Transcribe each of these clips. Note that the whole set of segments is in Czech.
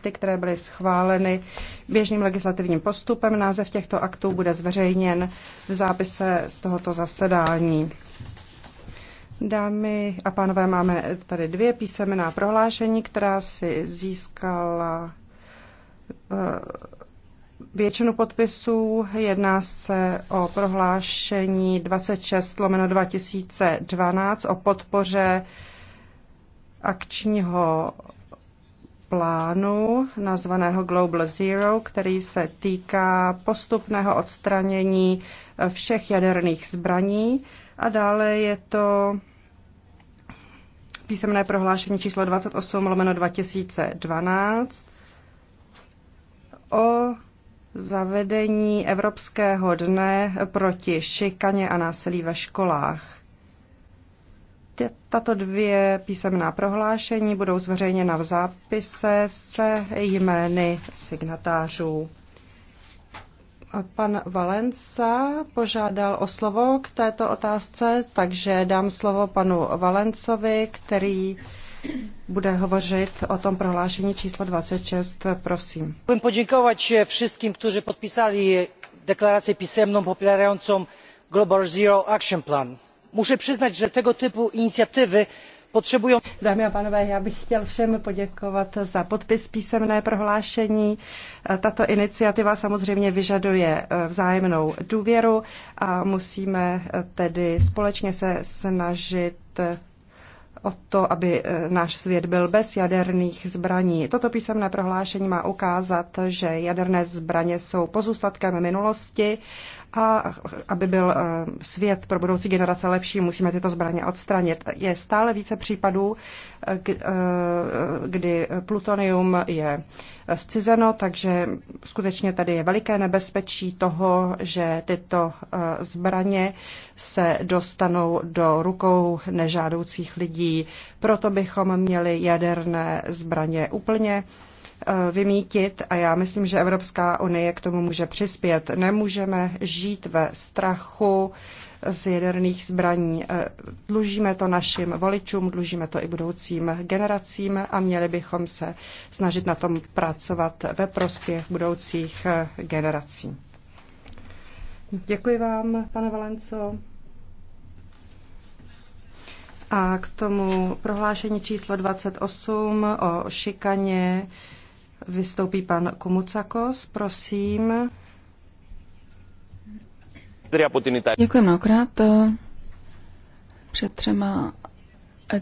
akty, které byly schváleny běžným legislativním postupem. Název těchto aktů bude zveřejněn v zápise z tohoto zasedání. Dámy a pánové, máme tady dvě písemná prohlášení, která si získala eh, většinu podpisů. Jedná se o prohlášení 26 lomeno 2012 o podpoře akčního plánu nazvaného Global Zero, který se týká postupného odstranění všech jaderných zbraní. A dále je to písemné prohlášení číslo 28 lomeno 2012 o zavedení Evropského dne proti šikaně a násilí ve školách. Tato dvě písemná prohlášení budou zveřejněna v zápise se jmény signatářů. Pan Valenca požádal o slovo k této otázce, takže dám slovo panu Valencovi, který bude hovořit o tom prohlášení číslo 26. Prosím. Chci poděkovat všem, kteří podpisali deklaraci písemnou popierającą Global Zero Action Plan muszę przyznać że tego typu inicjatywy potrzebują. Dámy a pánové, já bych chtěl všem poděkovat za podpis písemné prohlášení. Tato iniciativa samozřejmě vyžaduje eh, vzájemnou důvěru a musíme eh, tedy společně se snažit eh, o to, aby e, náš svět byl bez jaderných zbraní. Toto písemné prohlášení má ukázat, že jaderné zbraně jsou pozůstatkem minulosti a aby byl e, svět pro budoucí generace lepší, musíme tyto zbraně odstranit. Je stále více případů, e, kdy plutonium je zcizeno, takže skutečně tady je veliké nebezpečí toho, že tyto eh, zbraně se dostanou do rukou nežádoucích lidí. Proto bychom měli jaderné zbraně úplně Eh, vymítit a já myslím, že Evropská unie k tomu může přispět. Nemůžeme žít ve strachu z jaderných zbraní. Eh, dlužíme to našim voličům, dlužíme to i budoucím generacím a měli bychom se snažit na tom pracovat ve prospěch budoucích eh, generací. Děkuji vám, pane Valenco. A k tomu prohlášení číslo 28 o šikaně Vystoupí pan Kumucakos, prosím. Děkuji mnohokrát. Před třema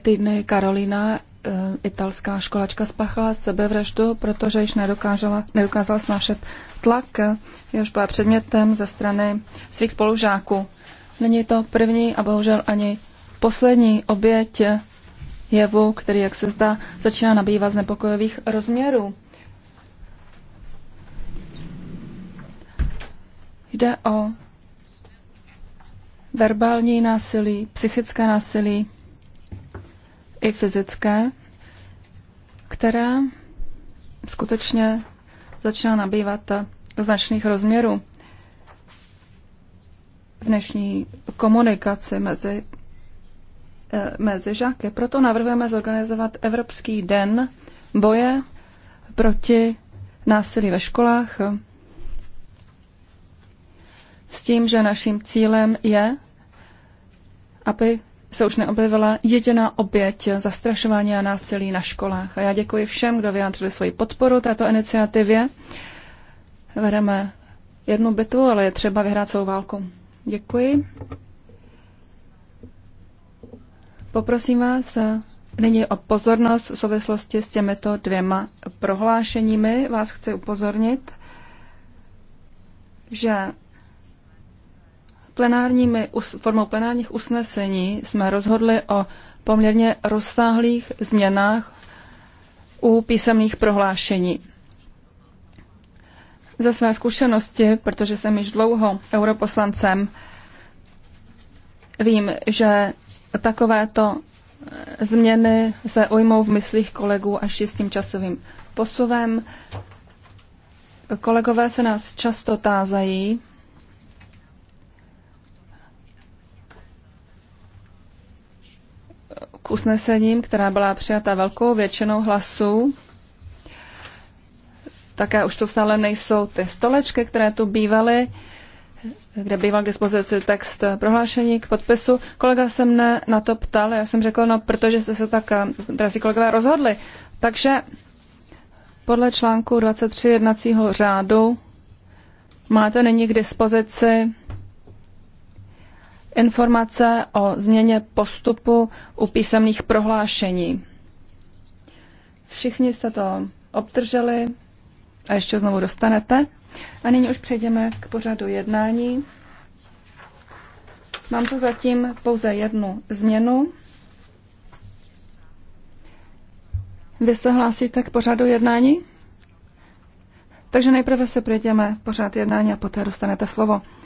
týdny Karolina, eh, italská školačka, spáchala sebevraždu, protože již nedokázala, nedokázala snášet tlak, jehož byla předmětem ze strany svých spolužáků. Není to první a bohužel ani poslední oběť jevu, který, jak se zdá, začíná nabývat z nepokojových rozměrů. Jde o verbální násilí, psychické násilí i fyzické, které skutečně začíná nabývat značných rozměrů v dnešní komunikaci mezi, eh, mezi žáky. Proto navrhujeme zorganizovat Evropský den boje proti násilí ve školách, s tím, že naším cílem je, aby se už neobjevila jediná oběť zastrašování a násilí na školách. A já děkuji všem, kdo vyjádřili svoji podporu této iniciativě. Vedeme jednu bitvu, ale je třeba vyhrát svou válku. Děkuji. Poprosím vás eh, nyní o pozornost v souvislosti s těmito dvěma prohlášeními. Vás chci upozornit, že plenárními, formou plenárních usnesení jsme rozhodli o poměrně rozsáhlých změnách u písemných prohlášení. Ze své zkušenosti, protože jsem již dlouho europoslancem, vím, že takovéto eh, změny se ujmou v myslích kolegů až s tím časovým posuvem. Kolegové se nás často tázají, usnesením, která byla přijata velkou většinou hlasů. Také už to v sále nejsou ty stolečky, které tu bývaly, kde býval k dispozici text prohlášení k podpisu. Kolega se mne na to ptal, já jsem řekl, no protože jste se tak, teda si kolegové rozhodli. Takže podle článku 23 jednacího řádu máte nyní k dispozici informace o změně postupu u písemných prohlášení. Všichni jste to obdrželi a ještě znovu dostanete. A nyní už přejdeme k pořadu jednání. Mám tu zatím pouze jednu změnu. Vy se hlásíte k pořadu jednání? Takže nejprve se projdeme pořád jednání a poté dostanete slovo.